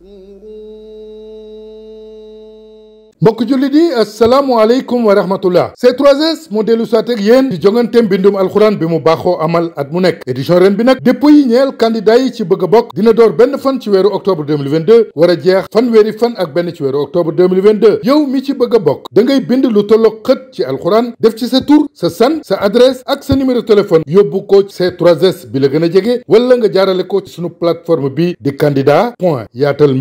تُبْصِرُونَ mbokk jullit yi asalaamualeykum wa rahmatullah c 3 moo dellu soit ak yéen ci jongante mbindum alxuraan bi mu baaxoo amal at mu nekk édition ren bi nag dépôt yi ñeel yi ci bëgg a bokk dina door benn fan ci weeru octobre 2022 war a jeex fanweeri fan ak benn ci weeru octobre 2022 yow mi ci bëgg a bokk dangay bind lu tolloog xët ci alxuraan def ci sa tur sa san sa adresse ak sa numéro téléphone yóbbu ko c 3 bi la gën a jege wala nga jaarale ko ci sunu plateforme bi di candidat point yaatal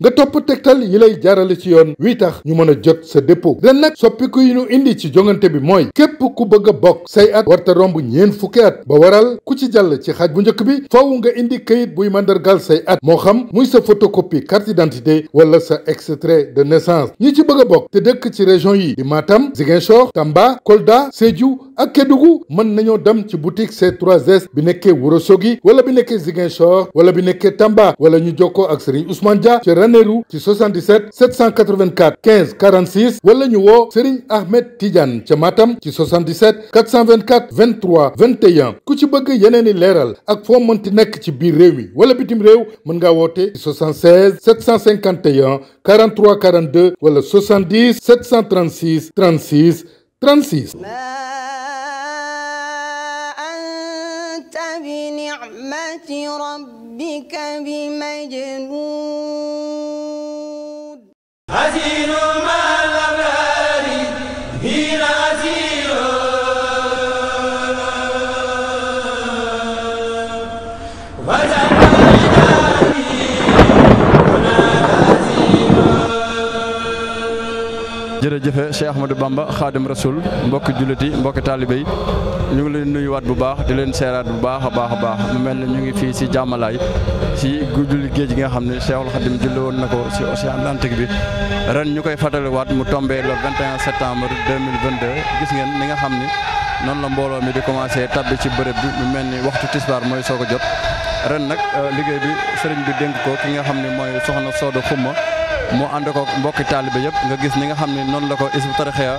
nga topp tegtal yi lay jaarale ci yoon wii tax ñu mën a jot sa dépôt ren nag soppiku yi ñu indi ci jongante bi mooy képp ku bëgg a bokk say at warta romb ñeen fukki at ba waral ku ci jàll ci xaaj bu njëkk bi faaw nga indi kayit buy mandargal say at moo xam muy sa photocopie carte d'identité wala sa extrait de naissance ñi ci bëgg a bokk te dëkk ci région yi di Matam Ziguinchor Tamba Kolda Sédhiou ak Kédougou mën nañoo dem ci boutique C3S bi nekkee Ourossogui wala bi nekkee Ziguinchor wala bi nekkee Tamba wala ñu jokkoo 76 46 wala ñu woo Serigne Ahmed Tidiane ca Matam ci 77 424 23 21 ku ci bëgg yeneen i leeral ak foo mënti nekk ci biir réew mi wala bitim réew mën ngaa woote 76 751 43 42 wala 70 736 36 36. bi ni'mati rabbika bi majnun حزين jërëjëfe Cheikh Ahmadou Bamba xaadim rasul mbokki julliti mbokki taalibe yi ñu ngi leen nuyuwaat bu baax di leen seeraat bu baax a baax a baax mu mel ne ñu ngi fii si jàmmalaay si julli géej gi nga xam ne Cheikhul Khadim julli woon na ko si océan Atlantique bi ren ñu koy fàttaliwaat mu tombé le 21 septembre 2022 gis ngeen ni nga xam ni noonu la mbooloo mi di commencé tabbi ci bërëb bi mu mel ni waxtu tisbaar mooy soog a jot ren nag euh, liggéey bi sëriñ bi dénk ko ki nga xam ne mooy soxna Soodo Xumma moo ànd ko mbokki taalibe yëpp nga gis ni nga xam ne noonu la ko Hizbut Tarqiyyah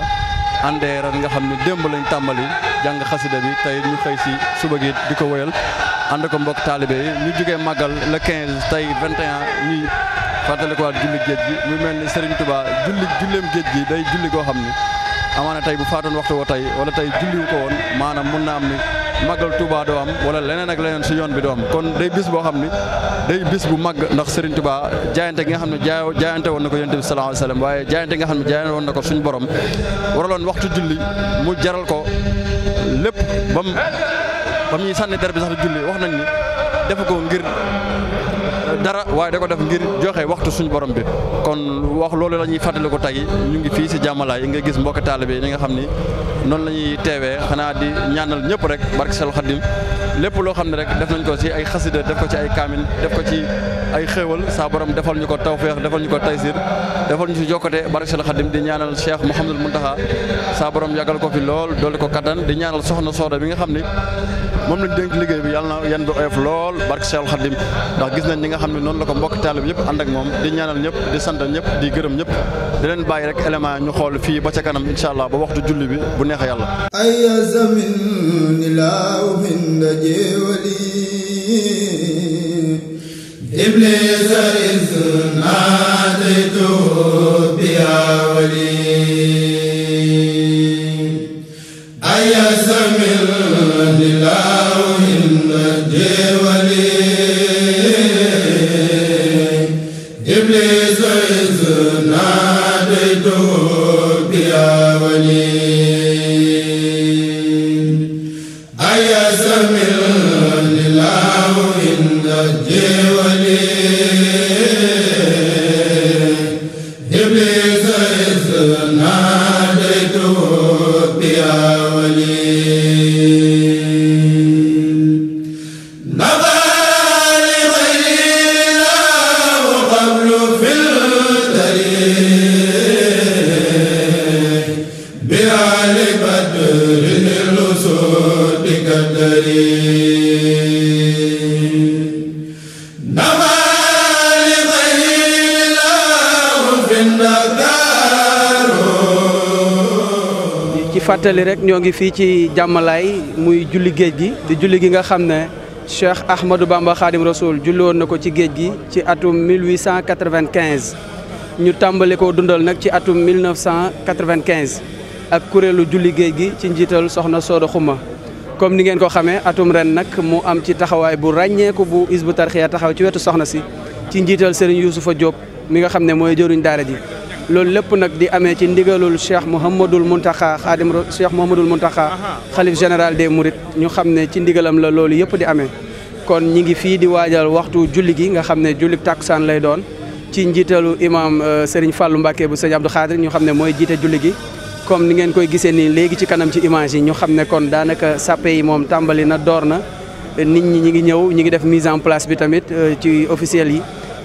àndee ren nga xam ne démb lañ tàmbali jàng xasida bi tey ñu xëy si suba gi di ko woyal ànd ko mbokk taalibe yi ñu jugee màggal le 15 tey 21 ñuy fàttalikuwaat julli géej gi mu mel ni Serigne tubaa julli julleem géej gi day julli koo xam ne amaana tey bu faatoon waxtu woo tey wala tey julliwu ko woon maanaam mun na am ni màggal Touba doo am wala leneen ak leneen si yoon bi doo am kon day bis boo xam ni day bis bu màgg ndax Serigne Touba jaayante gi nga xam ne jaay jaayante woon na ko yoon yonent bi sallallahu alayhi wasallam waaye jaayante nga xam ne jaayante woon na ko suñu borom waraloon waxtu julli mu jaral ko lépp bam ba muy sànni der bi sax di julli wax nañ ni defe ko ngir dara waaye da ko def ngir joxe waxtu suñu borom bi kon wax loolu la ñuy fàttali ko tey ñu ngi fii si jàmmalaay nga gis mbokk taalibe yi nga xam ni noonu la ñuy teewee xanaa di ñaanal ñëpp rek barke sel xadim lépp loo xam ne rek def nañ ko si ay xasida def ko ci ay kaamin def ko ci ay xéewal saa borom defal ñu ko tawféex defal ñu ko taysir defal ñu si jokkate barke sel xadim di ñaanal ne Mouhamadul Muntaxa saa borom yàggal ko fi lool doole ko kattan di ñaanal soxna Sooda bi nga xam ni moom lañ dénk liggéey bi yàlla na yan bi oyof lool barke Seexul Xadim ndax gis nañ ñi nga xam ne noonu la ko mbokk taalib yëpp ànd ak moom di ñaanal ñëpp di santal ñëpp di gërëm ñëpp di leen bàyyi rek élément ñu xool fii ba ca kanam incha allah ba waxtu julli bi bu neexee yàlla ay zamin ni laaw hind jeewali iblisa is naadaytu bi awali wali laaw hinna deewali ci fàttali rek ñoo ngi fii ci jàmmalaay muy julli géej gi di julli gi nga xam ne Cheikh Ahmadou Bamba Khadim Rasoul julli woon na ko ci géej gi ci atum 1895 ñu tàmbali ko dundal nag ci atum 1995 ak kuréelu julli géej gi ci njiital soxna Sooda Xuma comme ni ngeen ko xamee atum ren nag mu am ci taxawaay bu ràññeeku bu Hizbut Tarqiyyah taxaw ci wetu soxna si ci njiital sëriñ Yuusufa Diop mi nga xam ne mooy jëruñ daara ji loolu lépp nag di amee ci ndigalul cheikh Mouhamadul Mountakha xaadim cheikh mun Mountakha xalif général des Mourides ñu xam ne ci ndigalam la loolu yëpp di amee kon ñi ngi fii di waajal waxtu julli gi nga xam ne julli takkusaan lay doon ci njiitalu imam euh, Serigne Fallou Mbacke bu sëñ Abdou Khadir ñu xam ne mooy jiite julli gi comme ni ngeen koy gisee nii léegi ci kanam ci image yi ñu xam ne kon daanaka sàppe yi moom tàmbali na door na nit ñi ñi ngi ñëw ñi ngi def mise en place bi tamit euh, ci officiel yi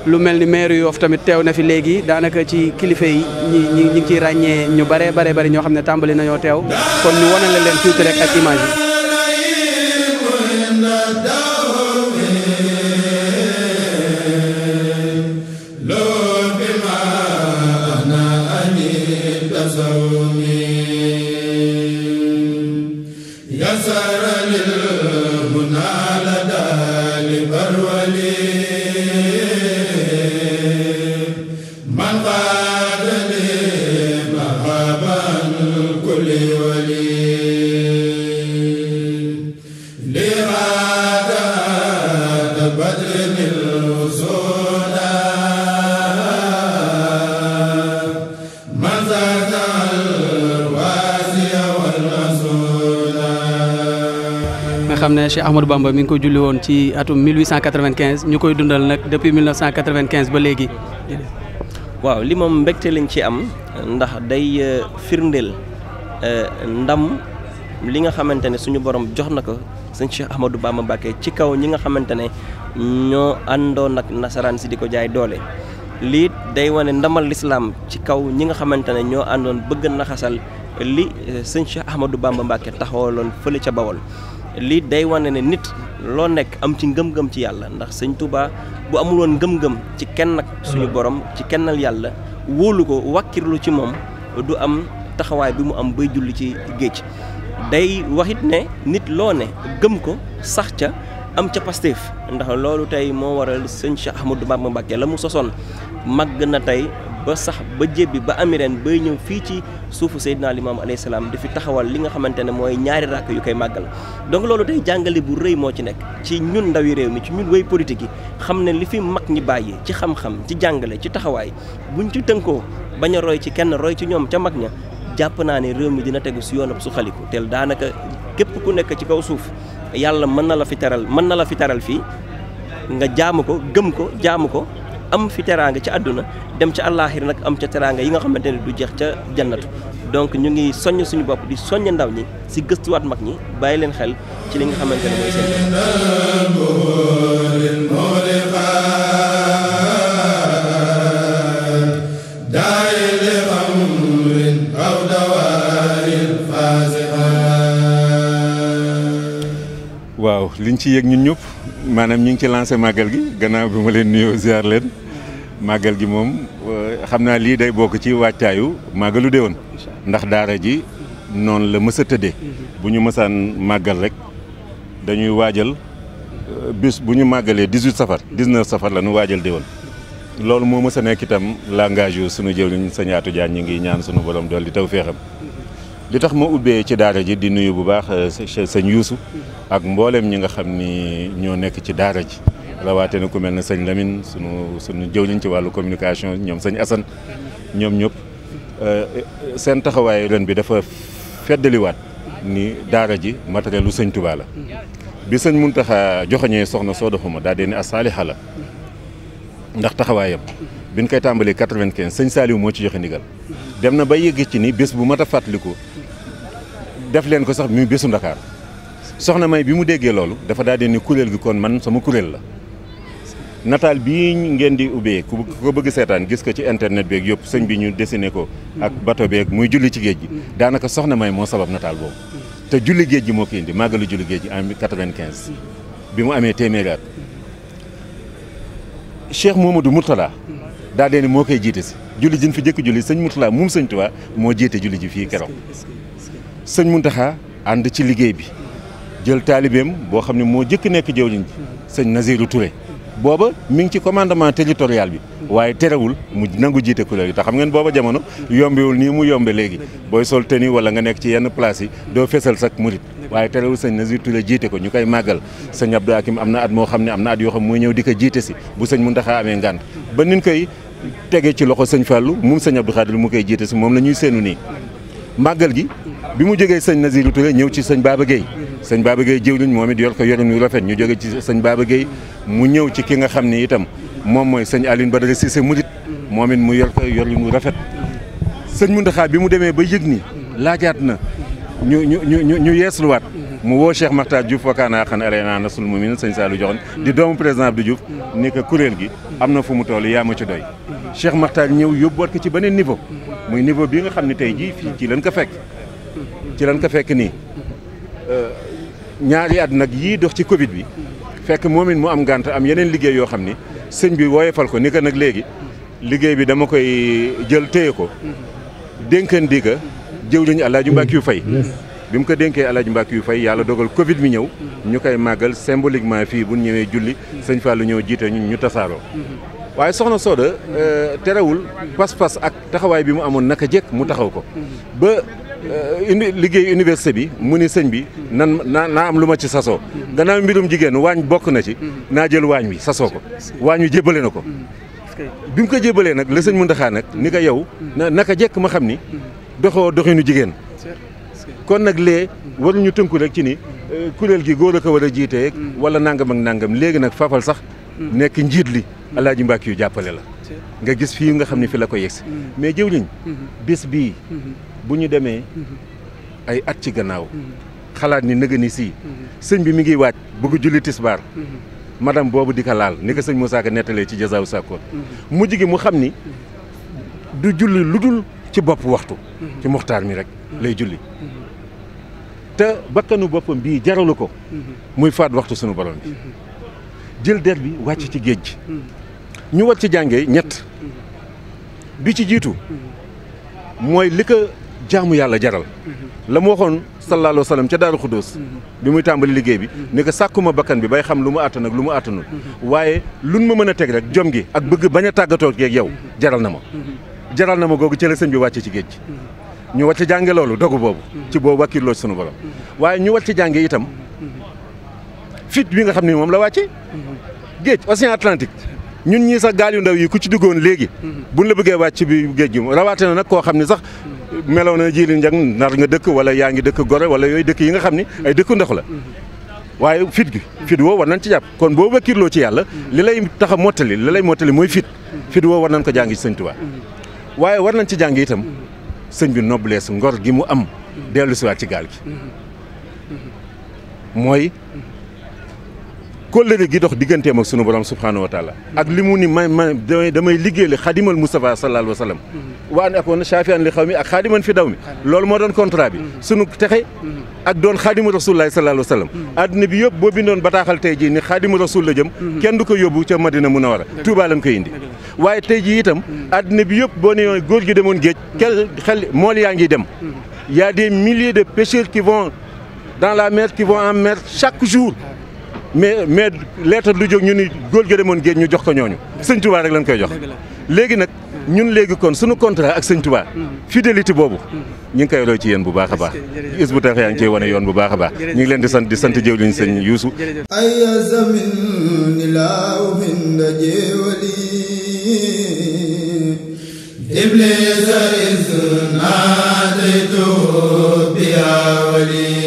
lu mel ni maire yoof tamit teew na fi léegi daanaka ci kilifa yi ñi ñi ngi ciy ràññee ñu bare bare bari ñoo xam ne tàmbali nañoo teew kon ñu wane la leen tuuti rek ak image yi la xam ne Cheikh Ahmadou Bamba mi ngi ko julli woon ci atum 1895 ñu koy dundal nag depuis 1995 ba léegi. waaw li moom mbégte lañ ci am ndax day euh, firndeel euh, ndam li nga xamante ne suñu borom jox na ko sëñ Cheikh Ahmadou Bamba Mbacké ci kaw ñi nga xamante ne ñoo àndoon ak nasaraan si di ko jaay doole. lii day wane ndamal lislaam ci kaw ñi nga xamante ne ñoo àndoon bëgg naxasal li euh, sëñ Cheikh Ahmadou Bamba Mbacké taxawaloon fële ca Bawol. lii day wane ne nit loo nekk am ci ngëm-ngëm ci yàlla ndax sëñ Touba bu amul woon ngëm-ngëm ci kenn ak suñu borom ci kennal yàlla wóolu ko wàkkirlu ci moom du am taxawaay bi mu am bay julli ci géej day waxit ne nit loo ne gëm ko sax ca am ca Pastef ndax loolu tey moo waral sëñ Cheikh Ahmadou Bamba Mbacké la mu sosoon màgg na tey ba sax ba jébbi ba ami ren bay ñëw fii ci suufu Seydina Limaamu alayhi salaam di taxawal li nga xamante ne mooy ñaari rakk yu koy màggal donc loolu day jàngale bu rëy moo ci nekk ci ñun ndawi réew mi ci ñun way politique yi xam ne li fi mag ñi bàyyi ci xam-xam ci jàngale ci taxawaay buñ ci tënkoo ba ña roy ci kenn roy ci ñoom ca mag ña jàpp naa ne réew mi dina tegu si yoonam su xaliku tel daanaka képp ku nekk ci kaw suuf yàlla mën na la fi teral mën na la fi teral fii nga jaamu ko gëm ko jaamu ko am fi teraanga ci àdduna dem ca àllaaxir nag am ca teraanga yi nga xamante ne du jeex ca jannatu donc ñu ngi soññ suñu bopp di soññ ndaw ñi si gëstuwaat mag ñi bàyyi leen xel ci li nga xamante ne mooy seen waaw liñ ci yëg ñun ñëpp maanaam ñu ngi ci lancé màggal gi gannaaw bi ma leen nuyoo ziar leen màggal gi moom euh, xam naa lii day bokk ci wàccaayu màggalu woon ndax daara ji noonu la mës a tëddee bu ñu mësaan màggal rek dañuy waajal euh, bis bu ñu màggalee dix-huit safar dix-neuf safar la ñu waajal woon loolu moo mës a nekk itam langage yu sunu jëwriñ Sëñ Atou Diagne ñu ngi ñaan sunu borom dool di taw féexam li tax ma ubbee ci daara ji di nuyu bu baax euh, sañ Youssou ak mbooleem ñi nga xam ni ñoo nekk ci daara ji rawaate na ku mel ne sëñ Lamine sunu sunu jëwriñ ci wàllu communication ñoom sëñ Assane ñoom ñëpp euh, seen taxawaayu ren bi dafa feddaliwaat ni daara ji matériel lu sëñ Touba bi sëñ mun Muntaxa joxoñee soxna soo doxuma daa dee ni asaaliha la ndax taxawaayam bi ñu koy tàmbalee quatre-vingt-quinze sëñ Saliou moo ci joxe ndigal dem na ba yëgg ci ni bés bu mat a fàttaliku def leen ko sax muy bésu Ndakaar soxna May bi mu déggee loolu dafa daal di kuréel gi kon man sama kuréel la nataal bii ngeen di ubbee ku ko bëgg seetaan gis ko ci internet beeg yëpp sëñ bi ñu dessiné ko ak bato beek muy julli ci géej gi daanaka soxna May moo sabab nataal boobu te julli géej gi moo ko indi màggalu julli géej gi en 95 bi mu amee téeméeri at Cheikh du Mourtala daa dee ni moo koy jiite si julli jin fi jëkk julli sëñ Mourtala moom sëñ Tuubaa moo jiite julli ji fii keroog sëñ ànd ci liggéey bi jël taalibeem boo xam ne moo jëkk nekk jëwriñ ji sëñ Nazirou Touré booba mu ngi ci commandement territorial bi waaye terewul mu nangu jiite kuréel yi te xam ngeen booba jamono yombewul nii mu yombe léegi booy sol tenue wala nga nekk ci yenn place yi doo fesal sax murit waaye terewul sëñ Nazir Touré jiite ko ñu koy màggal sëñ Abdou Hakim am na at moo xam ne am na at yoo xam mooy ñëw di ko jiite si bu sëñ Muntaxa amee ngànt ba nin koy tege ci loxo sëñ Fallou moom sëñ Abdou Khadir mu koy jiite si moom la ñuy seenu nii màggal gi bi mu jógee sëñ Nazir Touré ñëw ci sëñ Baba Gueye sëñ Baba Gueye jëwriñ moom it yor ko yorin wu rafet ñu jóge ci sëñ Baba Gueye mu ñëw ci ki nga xam ni itam moom mooy sëñ Alioune Badara Cissé murit moom it mu yor ko yorin wu rafet sëñ Mountakha bi mu demee ba yëg ni laajaat na ñu ñu ñu ñu yeesluwaat mu woo Cheikh Makhtar Diouf wakaanaa xan alena nasul mumin sëñ Saliou joxoon di doomu président Abdou Diouf ni kuréel gi am na fu mu toll yaa ma ci doy Cheikh Makhtar ñëw yóbbuwaat ko ci beneen niveau muy niveau bi nga xam ne tey jii fii ci lañ ko fekk ci lañ ko fekk nii ñaari at nag yii dox ci Covid bi fekk moom it mu am gànt am yeneen liggéey yoo xam ni sëñ bi fal ko ni ko nag léegi liggéey bi dama koy jël téye ko dénkan di ka jëw liñu Alaaji Mbàkke yu fay bi mu ko dénkee Alaaji Mbàkke yu fay yàlla dogal Covid mi ñëw ñu koy màggal symboliquement fii bu ñu ñëwee julli sëñ Fallou ñëw jiite ñun ñu tasaaroo waaye soxna Soda euh, terewul pas-pas ak taxawaay bi mu amoon naka jekk mu taxaw ko Euh, uni liggéey université bi mu ni sëñ bi nan naa naa am lu ma ci sasoo gannaaw mbirum jigéen waañ bokk na ci naa jël waañ wi sasoo ko waañ wi jébbale na ko bi mu ko jébalee nag la mu ndaxa nag ni ko yow na naka jekk ma xam ni doxoo doxinu jigéen kon nag lee waruñu tënku rek ci ni euh, kuréel gi góor a war a jiitee wala nangam ak nangam léegi nag fafal sax nekk njiit li alaaji Mbàkke yu jàppale la nga gis fii nga xam ne fi la ko yegsi mm. mais jëwliñ mm-hmm. bis bii mm-hmm. bu ñu demee mhm. ay at ci gannaaw mhm. xalaat ni nëga sii mhm. sëñ bi mu ngi waaj bëgg julli tisbaar madame boobu di ko laal ni ko sëñ Moussa Ka nettalee ci Jasaawu Sakkoor mu gi mu xam ni du julli lu dul ci bopp waxtu ci muxtaar mi rek lay julli te bakkanu boppam bii jaralu ko muy faat waxtu sunu borom bi jël der bi wàcc ci géej gi ñu war ci jàngee ñett bi ci jiitu mooy li ko jaamu yàlla jaral mhm. la mu waxoon sallallahu alayhi wa sallam ca daaru xudóos mhm. bi muy tàmbali liggéey bi mhm. ne ko sàkkuma bakkan bi bay xam lu mu àttan lu mu àttanul waaye lun ma mën a teg rek jom gi ak bëgg bañ a tàggatoo ak yow jaral na ma jaral na ma googu ci la sëñ bi wàcce ci géej gi ñu wàcc jànge loolu dogu boobu ci boobu wàkkirloo ci sunu borom waaye ñu wàcc jànge itam fit bi nga xam ne moom la wàcce géej océan atlantique ñun ñii sax gaal yu ndaw yi ku ci duggoon léegi buñ la bëggee koo xam ne sax meloon na jiili njang nar nga dëkk wala yaa ngi dëkk Gorée wala yooyu dëkk yi nga xam ni ay dëkk ndox la waaye fit gi fit woo war nañ ci jàpp kon boo wakkirloo ci yàlla li lay tax a mottali li lay mottali mooy fit fit woo war nañ ko jàngi ci sëñ waaye war nañ ci jàng itam sëñ bi noblesse ngor gi mu am dellusiwaat ci gaal gi mooy kóllëre gi dox digganteem ak sunu borom subhaanahu wa taala ak li mu ni may may damay liggéey li xadimal Moustapha sallallahu alayhi wa sallam ak woon chaafian li xaw ak xaadiman fi mi loolu moo doon contrat bi mm-hmm. sunu texe mm-hmm. ak doon xaadimu rasulillahi sallallahu alayhi mm-hmm. bi yëpp boo bindoon bataaxal tey jii ni xaadimu rasul la jëm kenn du ko yóbbu ca Madina Munawara Touba lañ koy indi waaye tey jii itam adduna bi yëpp boo nee góor gi demoon géej kel mool yaa ngi dem y a des milliers de pêcheurs la mer en mer chaque jour ah. mais mais lettre du jóg ñu ni góor gi demoon géej ñu jox ko ñooñu sëñ Touba rek lañ koy jox léegi nag ñun léegi kon sunu contrat ak sëñ Touba hmm. fidélité boobu hmm. ñu ngi koy roy ci yéen bu baax a baax is bu tax yaa ngi wane yoon bu baax a baax ñu ngi leen di sant di sant jëwliñ sëñ Youssou aya ni laaw hin da jeewali is naataytu biya wali